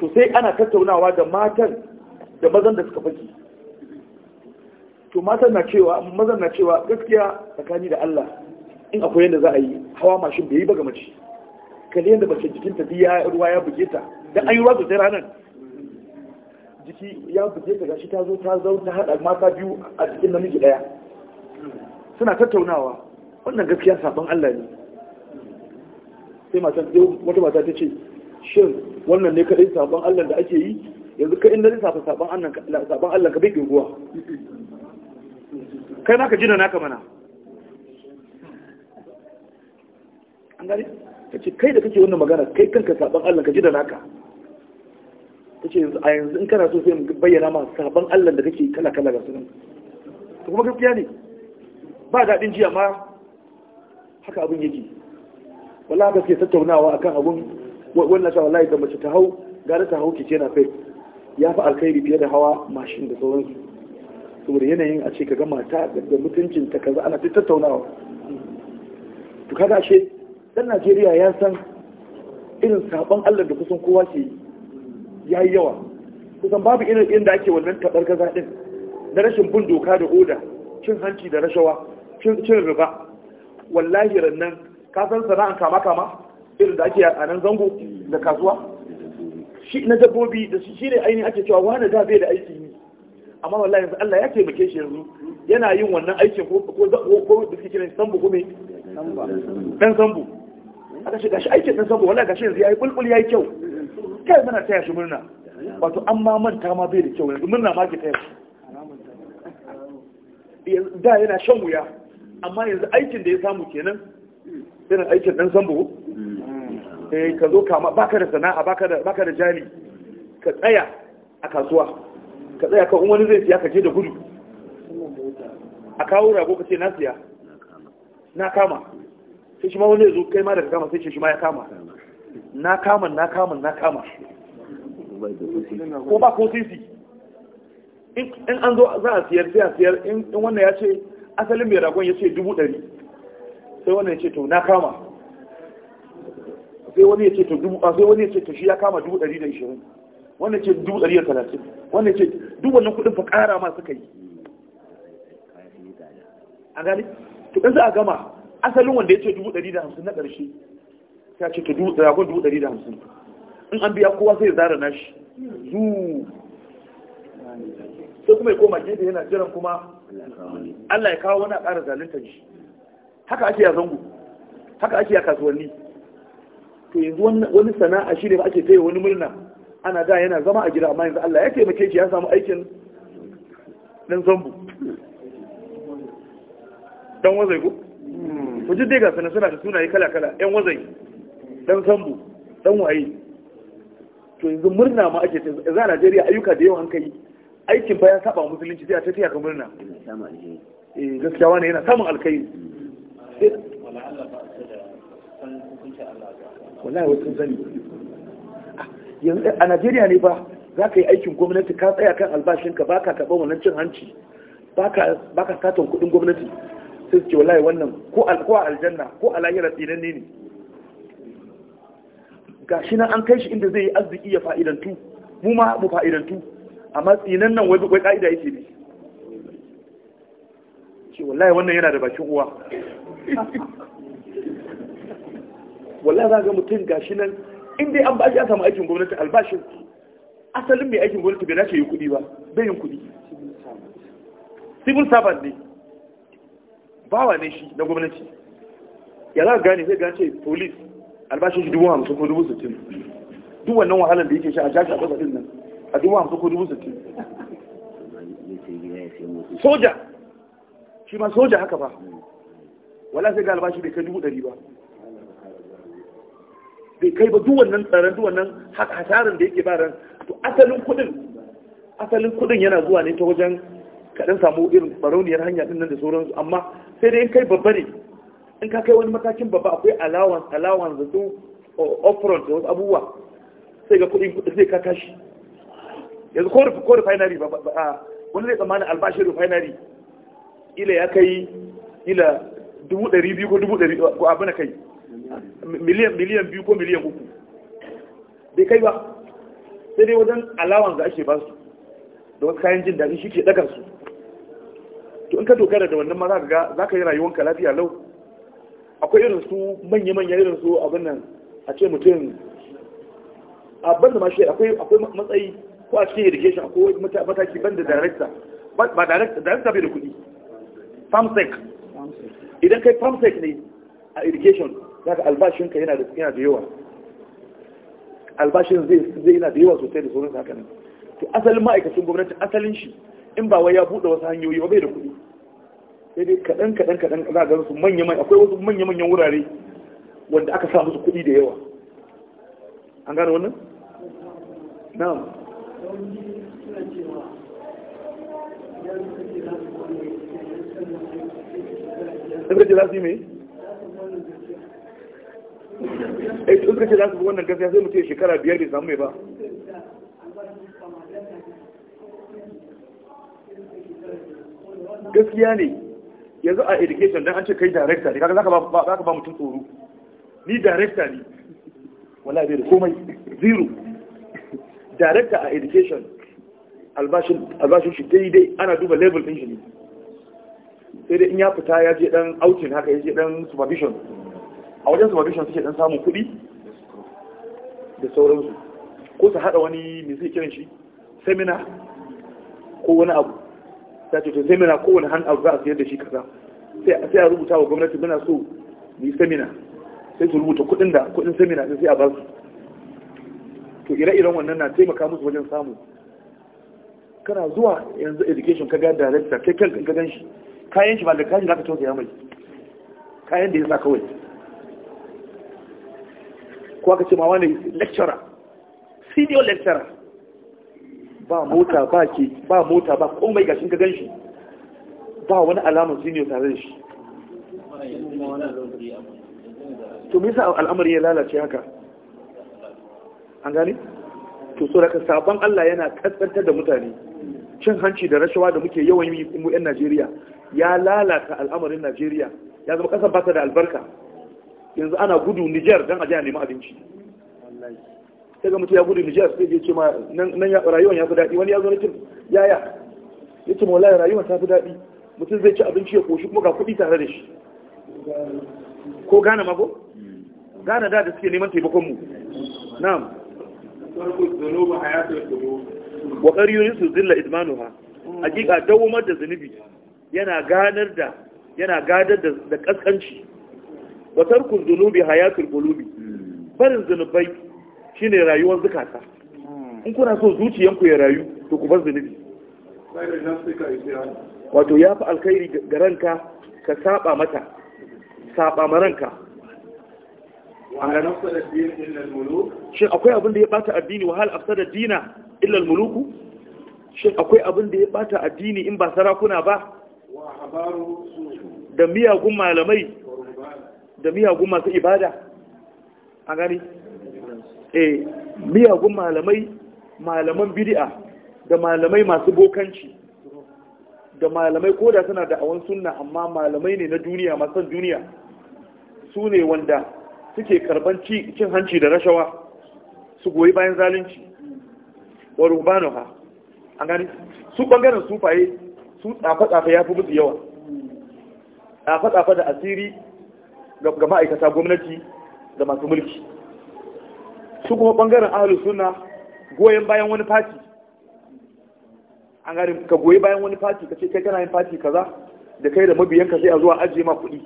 to sai ana tattaunawa da matan da mazan da suka fake to matan na cewa mazan na cewa gaskiya tsakani da Allah in akwai yadda za a yi hawa mashin bai yi ba ga mace kalli yadda mace jikinta biya ruwa ya buge ta dan an yi ruwa sosai ranar jiki ya fice ta gashi ta zo ta zau ta haɗa mata biyu a jikin namiji ɗaya suna tattaunawa wannan gaskiya sabon Allah ne sai mata wata mata ta ce shin wannan ne kaɗai sabon Allah da ake yi yanzu ka inda lissafa sabon Allah sabon Allah ka bai ɗinguwa kai ma ka jina naka mana an gani ta ce kai da kake wannan magana kai kanka sabon Allah ka jina naka yace a yanzu in kana so sai mu bayyana ma sabon Allah da kake kala kala ga sunan to kuma gaskiya ne ba daɗin jiya ma haka abin yake wallahi ba ke tattaunawa akan abun wannan sa wallahi da mace ta hau gara ta hau kike na fai ya fi alkhairi fiye da hawa mashin da sauransu saboda yanayin a ce ka gama ta da mutuncin ta kaza ana ta tattaunawa to kaga ashe dan Najeriya ya san irin sabon Allah da kusan kowa ke yi ya yi yawa kusan babu irin inda ake wannan taɓar gaza ɗin na rashin bin doka da oda cin hanci da rashawa cin riba wallahi rannan ka san sana'an kama kama irin da ake a nan zango da kasuwa shi na dabbobi da shi ne ainihin ake cewa wani da bai da aiki yi amma wallahi yanzu Allah ya taimake shi yanzu yana yin wannan aikin ko ko da suke kiran sambu ko me dan sambu aka shi aikin dan sambu wallahi gashi yanzu yayi bulbul yayi kyau kai mana taya shi murna wato an ma manta ma bai da kyau yanzu murna ma ke taya shi da yana shan wuya amma yanzu aikin da ya samu kenan irin aikin dan sambo eh ka zo kama baka da sana'a baka da baka da jali ka tsaya a kasuwa ka tsaya ka wani zai siya ka je da gudu a kawo rago ka ce na siya na kama sai shi ma wani ya zo kai ma daga kama sai shi ma ya kama na kama na kama na kama ko ba ko sisi in an zo za a siyar sai a siyar in wannan ya ce asalin mai ragon ya ce dubu ɗari sai wannan ya ce to na kama sai wani ya ce to dubu ah, sai wani ya ce to shi ya kama dubu ɗari da ishirin wannan ce dubu ɗari da talatin wannan ce duk wannan kuɗin fa ƙara ma suka yi a gani to ɗan za a gama asalin wanda ya ce dubu ɗari da hamsin na ƙarshe ta ce ta ragon dubu ɗari da hamsin in an biya kowa sai ya zara nashi zu sai kuma ya koma gefe yana jiran kuma Allah ya kawo wani a ƙara zalunta shi haka ake a zango haka ake a kasuwanni to yanzu wani sana'a shi ne ba ake taya wani murna ana da yana zama a gida amma yanzu Allah ya taimake shi ya samu aikin dan zambu dan wazai ko hmm. ku ji dai ga sanar suna da sunaye kala-kala yan wazai dan sambu dan waye to yanzu murna ma ake ta za Najeriya ayyuka da yawa an kai aikin ba ya saba musulunci sai a ta tiya ka murna eh gaskiya wani yana samun alkai wallahi wasu sani ah, yanzu a Najeriya ne ba za ka yi aikin gwamnati ka tsaya kan albashinka ba ka taɓa wannan cin hanci ba ka satan kuɗin gwamnati sai su ce wallahi wannan ko a aljanna ko a lahira tsinan ne ne ga shi nan an kai shi inda zai yi arziki ya fa'idantu mu ma mu fa'idantu amma matsinan nan wai wai ka'ida yake ne ce wallahi wannan yana da bakin uwa wallahi za ga mutum ga shi nan inda an bashi ya samu aikin gwamnati albashin asalin mai aikin gwamnati bai dace yi kuɗi ba bai yin kuɗi civil servant ne bawa ne shi na gwamnati ya za gane zai gane police albashin shi dubu hamsin ko dubu sittin duk wannan wahalar da yake shi a jashi a ƙasa nan a dubu hamsin ko dubu sittin soja shi ma soja haka ba wala sai ga albashi bai kai dubu ɗari ba bai kai ba duk wannan tsaron duk wannan hasarin da yake ba ran to asalin kuɗin asalin kuɗin yana zuwa ne ta wajen kaɗan samu irin barauniyar hanya ɗin nan da sauransu amma sai dai in kai babba ne in ka kai wani matakin babba akwai allowance allowance da sun oh, da wasu abubuwa sai ga kuɗin kudin zai kaka shi yanzu ko refinery ba wani zai tsammanin albashin refinery ila ya kai ila dubu ɗari biyu ko dubu ɗari ko abin kai miliyan miliyan biyu ko miliyan uku bai kai ba sai dai wajen allowance da ake ba su da wasu kayan jin daɗi shi ke ɗaga su to in ka dogara da wannan ma za ka yi rayuwanka lafiya lau akwai irin su manya-manya irin su abin nan a ce mutum a banda ma shi akwai matsayi ko a cikin irrigation akwai mataki banda director ba director bai da kudi famsec idan kai famsec ne a irrigation za ka albashinka yana da yawa albashin zai yana da yawa sosai da sauran sakanin to asalin ma'aikacin gwamnati asalin shi in ba wai ya buɗe wasu hanyoyi ba bai da kudi sai dai kaɗan kaɗan kaɗan za ga su manya manya akwai wasu manya manyan wurare wanda aka sa musu kuɗi da yawa an gane wannan na'am sun za su yi mai eh sun za su wannan gaskiya sai mutum shekara biyar bai samu mai ba gaskiya ne yanzu a education don an ce kai director ne kaga za ka ba mutum tsoro ni director ne wala bai da komai zero director a education albashin shi shi daidai ana duba level din shi ne sai dai in ya fita ya je dan outing haka ya je dan supervision a wajen supervision suke dan samun kuɗi da sauransu ko su hada wani mai zai kiran shi seminar ko wani abu ta ce to sai mina kowane hand out za a sayar da shi kaza sai a rubuta wa gwamnati muna so mu yi semina sai su rubuta kudin da kudin semina din sai a ba su to ire-iren wannan na taimaka musu wajen samu kana zuwa yanzu education ka ga director kai kan ka gan shi kayan shi ba da kaji zaka tausaya mai kayan da ya sa kawai ko aka ce ma wani lecturer senior lecturer ba mota ba ke ba mota ba komai gashin ka ganshi ba wani alamun senior tare da shi to me yasa al'amari ya lalace haka an gane to so daga sabon Allah yana kaskantar da mutane cin hanci da rashawa da muke yawan yi mu yan Najeriya ya lalata al'amarin Najeriya ya zama kasar ba ta da albarka yanzu ana gudu Niger dan aje a nemi abinci sai ga mutum ya gudu Nijar sai ya ce ma nan ya rayuwar ya fi daɗi wani ya zo nake yaya ya ce mawala rayuwar ta fi daɗi mutum zai ci abinci ya koshi kuma ga kuɗi tare da shi ko gane mako? gane da da suke neman taimakon mu na'am wa qariyu su zilla idmanuha hakika dawamar da zunubi yana ganar da yana gadar da kaskanci wa tarkun zunubi hayatul qulubi barin zunubai shine rayuwar zukata in kuna so zuciyanku ya rayu to ku bar zunubi wato ya fi alkhairi ga ranka ka saba mata saba ma ranka shin akwai abin da ya bata addini wahal afsada dina illa almuluku shin akwai abin da ya bata addini in ba sarakuna ba da miyagun malamai da miyagun masu ibada a gani eh miyagun malamai malaman bidi'a da malamai masu bokanci da malamai ko da suna da awon sunna amma malamai ne na duniya masan duniya su ne wanda suke karban cin hanci da rashawa su goyi bayan zalunci wa rubanu ha an gani su bangaren sufaye su tsafe-tsafe ya fi musu yawa tsafe-tsafe da asiri ga ma'aikata gwamnati da masu mulki su kuma bangaren ahalus suna goyon bayan wani fati an gari ka goyi bayan wani fati ka ce kai kana yin fati kaza da kai da mabiyanka sai a zuwa ajiye ma kuɗi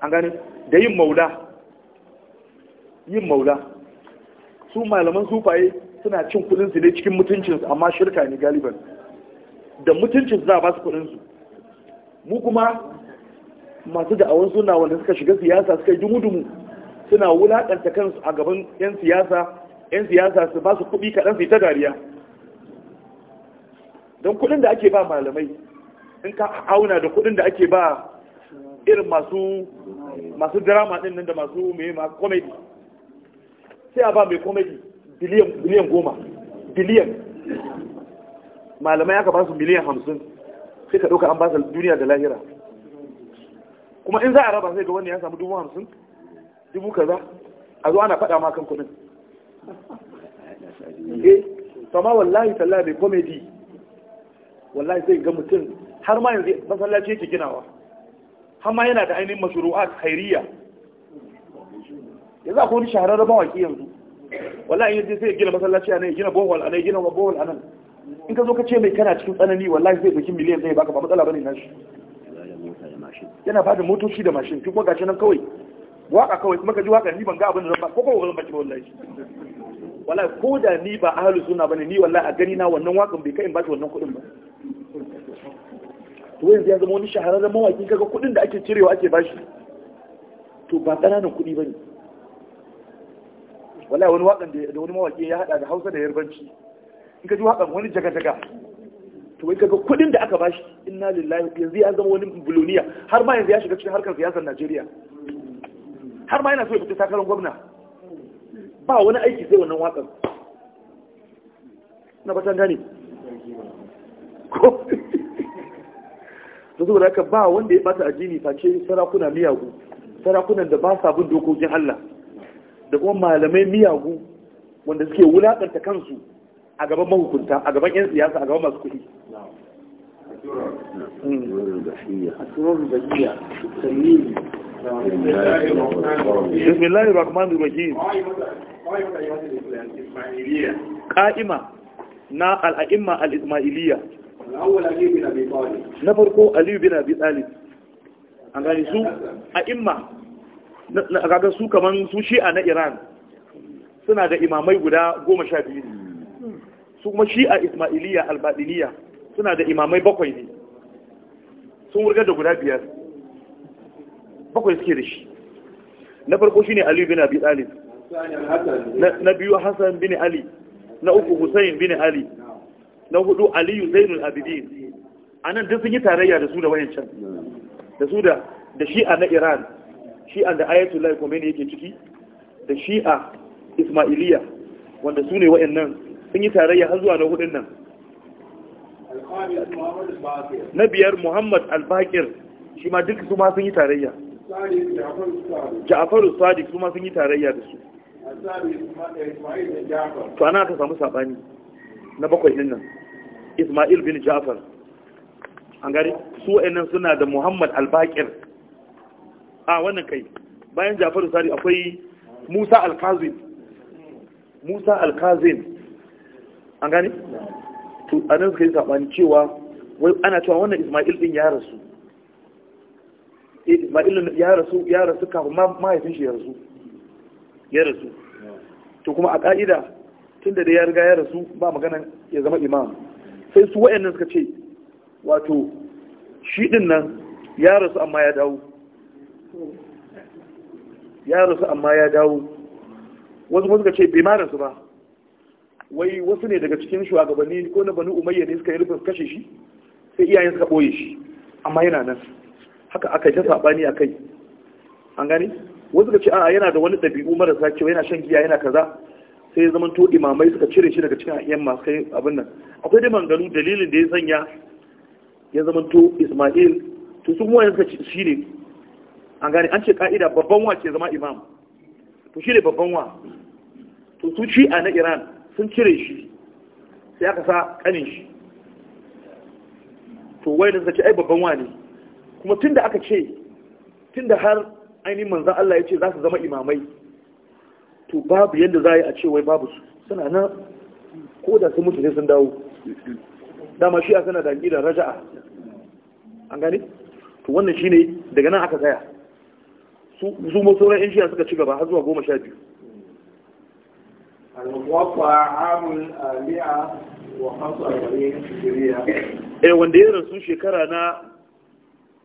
an gani da yin maula yin maula su malaman sufaye suna cin kuɗinsu ne cikin mutuncinsu amma shirka ne galiban da mutuncinsu za a ba su kuɗinsu. mu kuma masu da'awar suna wanda suka shiga siyasa suka yi dumudumu suna wulaƙanta kansu a gaban 'yan siyasa 'yan siyasa su ba su kuɗi kaɗan su yi ta dariya don kuɗin da ake ba malamai in ka auna da kuɗin da ake ba irin masu masu drama ɗin nan da masu mai ma komedi sai a ba mai komedi biliyan goma biliyan malamai aka ba su miliyan hamsin sai ka ɗauka an ba su duniya da lahira kuma in za a raba sai ga wani ya samu dubu hamsin dubu kaza a zo ana faɗa ma kan kuɗin eh, to sama wallahi talla mai komedi wallahi zai ga mutum har ma yanzu masallaci yake ginawa har ma yana da ainihin mashru'at khairiyya yanzu akwai wani shahararren mawaki yanzu wallahi yanzu sai gina masallaci a nan gina bohol a nan gina bohol a nan in ka zo ka ce mai kana cikin tsanani wallahi zai dauki miliyan zai baka ba matsala bane nashi yana ba da motoci da mashin duk gashi nan kawai waka kawai kuma ka ji waka ni ban ga abin da zan ba ko ko zan baki ba wallahi wallahi ko da ni ba ahlus sunna bane ni wallahi a gani na wannan wakan bai kai in bashi wannan kuɗin ba to yanzu ya zama wani shahararren mawaki kaga kuɗin da ake cirewa ake bashi to ba ƙananan kuɗi bane wallahi wani wakan da wani mawaki ya hada da Hausa da Yarbanci in ka ji wakan wani jaga-jaga to wai kaga kuɗin da aka bashi inna lillahi yanzu ya zama wani buloniya har ma yanzu ya shiga cikin harkar siyasar Najeriya har ma yana so ya fita takarar gwamna ba wani aiki sai wannan wakan na batan gane ko da aka ba wanda ya bata ajini face sarakuna miyagu sarakunan da ba sa bin dokokin Allah da kuma malamai miyagu wanda suke wulakanta kansu a gaban mahukunta a gaban 'yan siyasa a gaban masu kuɗi أسرار البديع التمييز bismillahir rahmanir rahim qa'ima na al'a'imma al-ismailiyya na farko aliyu bin abi talib an gani su a'imma na kaga su kaman su shi'a na iran suna da imamai guda goma sha biyu su kuma shi'a ismailiyya al-badiniya suna da imamai bakwai ne sun wurga da guda biyar bakwai suke da shi na farko shi ne Ali bin Abi Talib na biyu Hassan bin Ali na uku Hussein bin Ali na hudu Ali Zainul Abidin nan duk sun yi tarayya da su da can, da su da shi'a na Iran shi'a da Ayatollah Khomeini yake ciki da shi'a Isma'iliya, wanda su ne wayannan sun yi tarayya har zuwa na hudun nan na biyar Muhammad Al-Baqir shi ma duk su ma sun yi tarayya Ja'faru Sadiq su ma sun yi tarayya da su. To ana ka samu sabani na bakwai din nan. Ismail bin Ja'far. An gari su wa'annan suna da Muhammad Al-Baqir. A wannan kai bayan Ja'faru Sadiq akwai Musa Al-Kazim. Musa Al-Kazim. An gari? To anan suka yi sabani cewa wai ana cewa wannan Ismail din ya rasu. ismail ya rasu ya rasu kafin mahaifin shi ya rasu ya rasu to kuma a ka'ida tun da ya riga ya rasu ba maganan ya zama imam sai su wa'annan suka ce wato shi din nan ya rasu amma ya dawo ya rasu amma ya dawo wasu kuma suka ce bai ma rasu ba wai wasu ne daga cikin shugabanni ko na banu umayya ne suka yi rufin kashe shi sai iyayen suka ɓoye shi amma yana nan haka aka ta sabani a kai an gani wasu ka ce a yana da wani ɗabi'u marasa cewa yana shan giya yana kaza sai ya zama to imamai suka cire shi daga cikin ayyan masu kai abin nan akwai dai manganu dalilin da ya sanya ya zama to ismail to su kuma suka ci shi ne an gani an ce ka'ida babban wa ke zama imam to shi ne babban wa to su ci a na iran sun cire shi sai aka sa kanin shi to wai da suka ce ai babban wa ne kuma da aka ce tun da har ainihin manzan Allah ya ce za su zama imamai to babu yadda za a yi a ce wai babu su suna nan ko da sun mutu ne sun dawo dama shi a sana da gida raja'a an gane to wannan shi ne daga nan aka tsaya su mu sauran yan shiya suka ci gaba har zuwa goma sha biyu eh, wanda ya rasu shekara na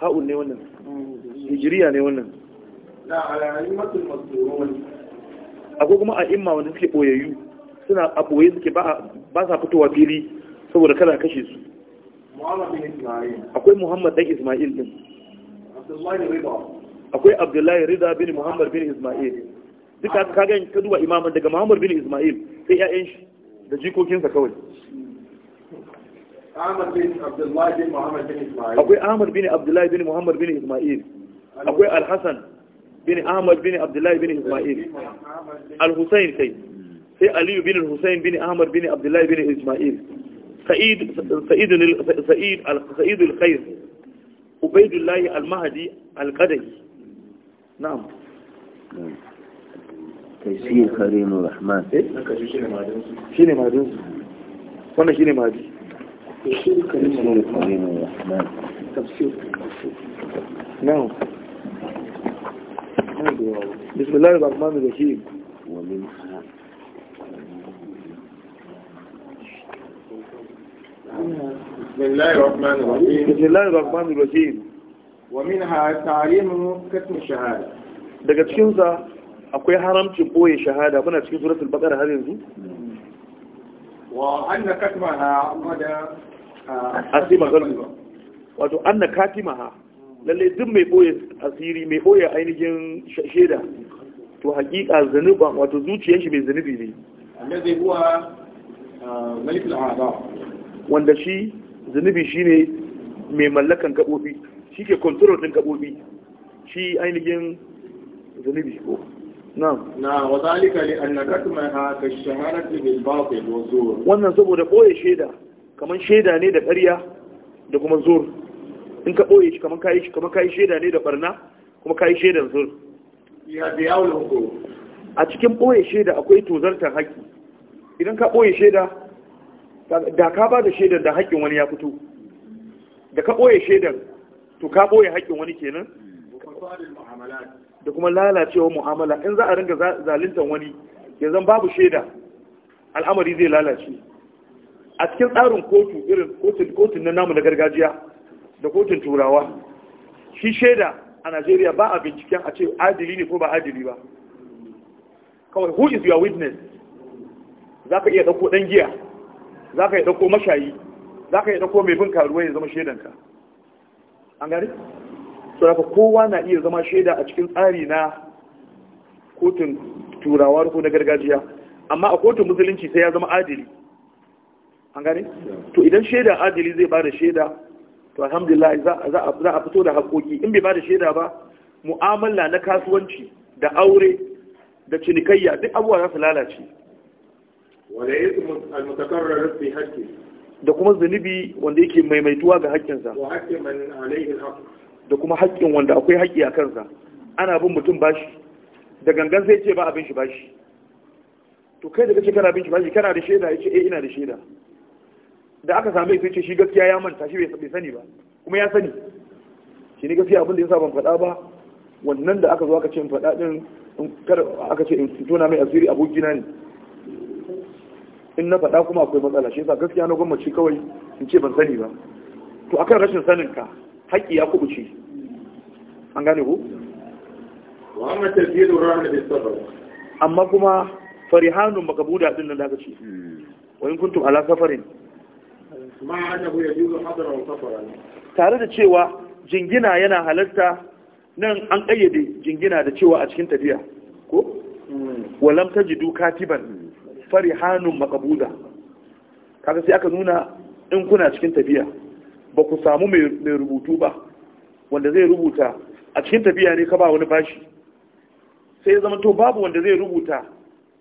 ha'un ne wannan hijiriya ne wannan akwai kuma a imma wanda suke boyayyu suna a boye suke ba sa fitowa fili saboda kada kashe su akwai muhammad dan ismail din akwai abdullahi rida bin muhammad bin ismail duka ka gani ka duba imaman daga muhammad bin ismail sai 'ya'yan shi da jikokinsa kawai Ahmad bin Abdullah bin Muhammad bin Ismail. Akwai Ahmad bin Abdullah bin Muhammad bin Ismail. Akwai Al-Hassan bin Ahmad bin Abdullah bin Ismail. Al-Hussein kai. Sai Aliyu bin Hussein bin Ahmad bin Abdullah bin Ismail. Sa'id Sa'id Sa'id Al-Sa'id Al-Khair. Ubaydullah Al-Mahdi Al-Qadhi. Na'am. Taysir Karim Rahman. Eh? Shine madin. Shine madin. Wannan shine madin. تفسير كلمة الرحمن تفسير نعم بسم الله الرحمن الرحيم بسم الله الرحمن الرحيم ومنها تعليم كتم الشهادة daga cikinsa akwai haramcin ɓoye shahada muna cikin suratul baqara har yanzu wa anna asima galbu wato anna Maha, lalle duk mai boye asiri mai boye ainihin shaida to hakika zanuba, wato zuciyar shi mai zanubi ne allazi huwa uh, malikul a'da wanda shi zanubi shine mai mallakan gabobi shike control din gabobi shi ainihin zanubi ko na'am na wa zalika li annaka ma ka shaharatu bil batil wa zur wannan saboda boye shaida kamar shaida ne da ƙarya da kuma zur in ka ɓoye shi kamar kayi shaida ne da ɓarna, kuma kayi shaidan zur ya da yawon a cikin ɓoye shaida akwai tozartar haƙƙi idan ka ɓoye shaida da ka ba da shaidan da haƙƙin wani ya fito da ka ɓoye shaidan to ka ɓoye haƙƙin wani kenan da kuma lalacewa mu'amala in za a ringa zaluntar wani yanzu babu shaida al'amari zai lalace a cikin tsarin kotu irin kotun na namu na gargajiya da kotun turawa shi shaida a Najeriya ba a binciken a ce adili ne ko ba adili ba kawai who is your witness za ka iya ɗauko ɗan giya za ka iya ɗauko mashayi za ka iya ɗauko mai bin karuwa ya zama shaidanka an gari? so da kowa na iya zama shaida a cikin tsari na kotun turawa ko na gargajiya amma a kotun musulunci sai ya zama adili an gane to idan shaida adili zai bada shaida to alhamdulillah za a fito da haƙoƙi in bai bada shaida ba mu'amala na kasuwanci da aure da cinikayya duk abubuwa za su lalace wala ismu al-mutakarrar rufe haqqi da kuma zunubi wanda yake maimaituwa ga haƙƙinsa da kuma haƙƙin wanda akwai haƙƙi a kansa ana bin mutum bashi da gangan sai ce ba abin shi bashi to kai da kace kana bin shi bashi kana da shaida ce eh ina da shaida da aka same shi ce shi gaskiya ya manta shi bai sani ba kuma ya sani shi ne gaskiya abin da yasa ban faɗa ba wannan da aka zo aka ce in faɗa din kar aka ce in tona mai asiri abokina ne in na faɗa kuma akwai matsala shi yasa gaskiya na gwamnati kawai in ce ban sani ba to akan rashin sanin ka haƙƙi ya kubuce an gane ku amma kuma farihanun makabuda din nan da aka ce hmm. wa in kuntum ala safarin ma annahu yajuzu wa safara tare da cewa jingina yana halarta nan an kayyade jingina da cewa a cikin tafiya ko hmm. walam tajidu katiban farihanun maqbuda kaga sai aka nuna in kuna cikin tafiya ba ku samu mai rubutu ba wanda zai rubuta a cikin tafiya ne ka ba wani bashi sai ya zama to babu wanda zai rubuta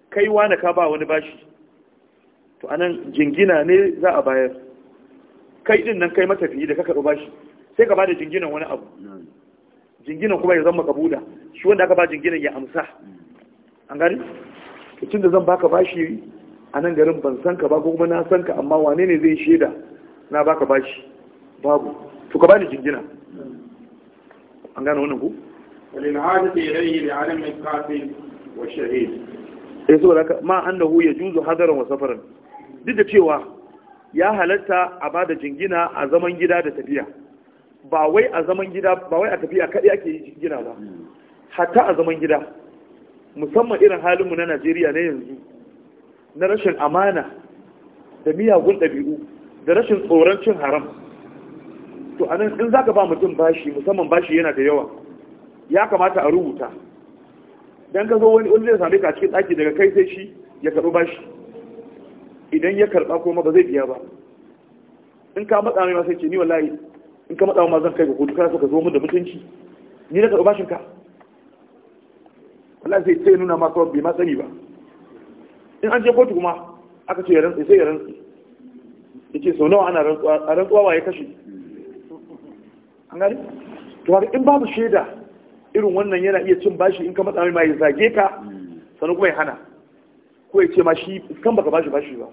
kaiwa na ka ba wani bashi to anan jingina ne za a bayar kai din nan kai matafiyi da ka karɓi bashi sai ka bada jinginan wani abu jinginan kuma ya zama kabuda shi wanda aka ba jinginan ya amsa an gani kicin da zan baka bashi a nan garin ban san ka ba ko kuma na san ka amma wane ne zai shaida na baka bashi babu to ka bani jingina an gane wannan ku walil hadith ilayhi li alam al-qatil wa shahid eh so laka ma annahu yajuzu hadaran wa safaran duk da cewa ya halatta a bada jingina a zaman gida da tafiya ba wai a zaman gida ba wai a tafiya kaɗai ake yi jingina ba hmm. hatta a zaman gida musamman irin halinmu na najeriya na yanzu na rashin amana da miyagun ɗabi'u da rashin tsoron cin haram to a nan in za ka ba mutum bashi musamman bashi yana da yawa ya kamata a rubuta don ka zo wani wani zai same ka cikin ɗaki daga kai sai shi ya karɓi bashi idan ya karɓa ko ba zai biya ba in ka matsa mai masu ce ni wallahi in ka matsa ma zan kai ga kotu kana so ka zo mu da mutunci ni na karɓi bashin ka wallahi sai sai nuna ma kawai bai ma sani ba in an je kotu kuma aka ce ya rantsi sai ya rantsi yace sau nawa ana rantsuwa a rantsuwa waye kashe an gani to haka in babu shaida irin wannan yana iya cin bashi in ka matsa mai ma ya zage ka sannan kuma ya hana ko ya ce ma shi kan baka bashi bashi ba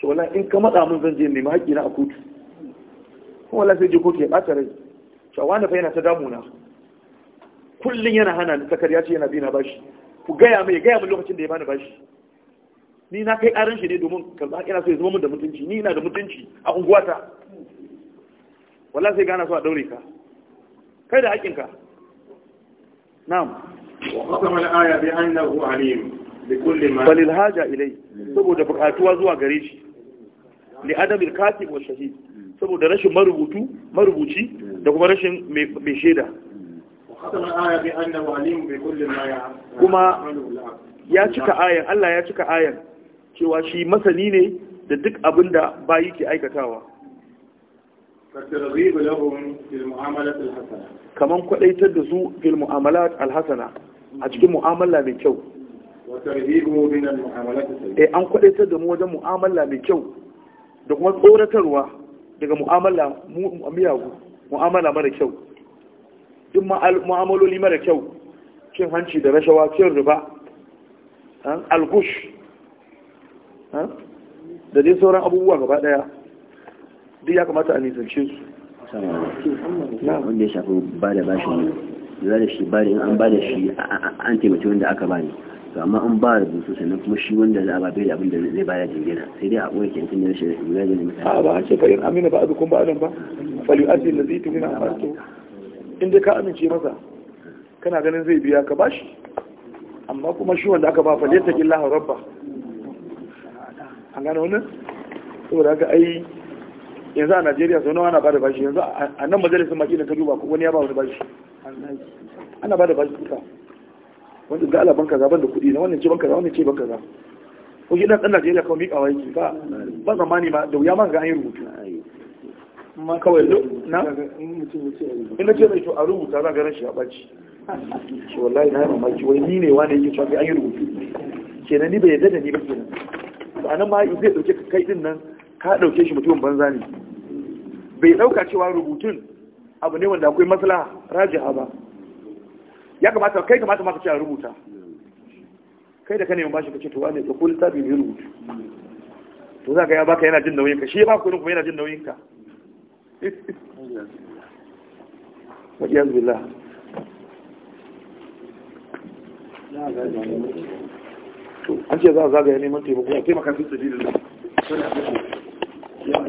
To wala in ka matsa mun zan je ma haƙƙi na a kotu ko wala sai je kotu ya ɓata rai ce wani fa yana ta damuna kullum yana hana ni sakar ya ce yana bi na bashi ku gaya mai gaya min lokacin da ya bani bashi ni na kai ƙarin shi ne domin karɓa ina na so ya zama mun da mutunci ni ina da mutunci a unguwata wala sai gana so a daure ka kai da haƙƙinka na'am wa qasama al-aya bi annahu alim balil haja ilai saboda bukatuwa zuwa gare shi li adamil katib wa shahid saboda rashin marubutu marubuci da kuma rashin mai shaida kuma ya cika ayan Allah ya cika ayan cewa shi masani ne da duk abin da bayi ke aikatawa kaman kwadaitar da su fil mu'amalat alhasana a cikin mu'amala mai kyau Eh, an kwadaitar da mu wajen mu'amala mai kyau da kuma tsoratarwa daga mu'amala miyagu mu'amala mara kyau in mu'amaloli mara kyau cin hanci da rashawa cin riba algush da dai sauran abubuwa gaba daya duk ya kamata a nisance su wanda ya shafi ba da bashi ne za da shi ba da in an ba da shi an taimaki wanda aka ba ne to amma an ba da dusu sannan kuma shi wanda za a ba bai da abin da zai baya jingina sai dai a ɓoye kyantin da da rashin gajin mutane. a ba a ce fa'in amina ba a zukun ba nan ba fali ajiye da zai tumina a farko in dai ka amince masa kana ganin zai biya ka bashi amma kuma shi wanda aka ba fali ta taƙi Allah rabba an gano wannan saboda haka ai yanzu a Najeriya sau nawa ana ba da bashi yanzu a nan majalisar maki ta duba wani ya ba wani bashi ana ba da bashi kusa. wanda ga ala banka zaban da kuɗi na wannan ce banka za wannan ce banka za ko shi dan Najeriya kawai mika wai ba ba zamani ba da wuya ma ga an yi rubutu kawai na ina ce mai to a rubuta za ga rashi a ɓaci shi wallahi na yi mamaki wai ni ne wani yake cewa an yi rubutu kenan ni bai yadda da ni ba kenan to anan ma zai dauke kai din nan ka dauke shi mutumin banza ne bai dauka cewa rubutun abu ne wanda akwai maslaha rajiha ba ya kamata kai kamata maka cewa rubuta kai da ka ba shi kace to wani ya kula tabi ne to zaka ya baka yana jin nauyin ka shi ba ku kudin kuma yana jin nauyin ka wajen billah to an ce za a zagaya neman taimako a taimaka fi sabilillah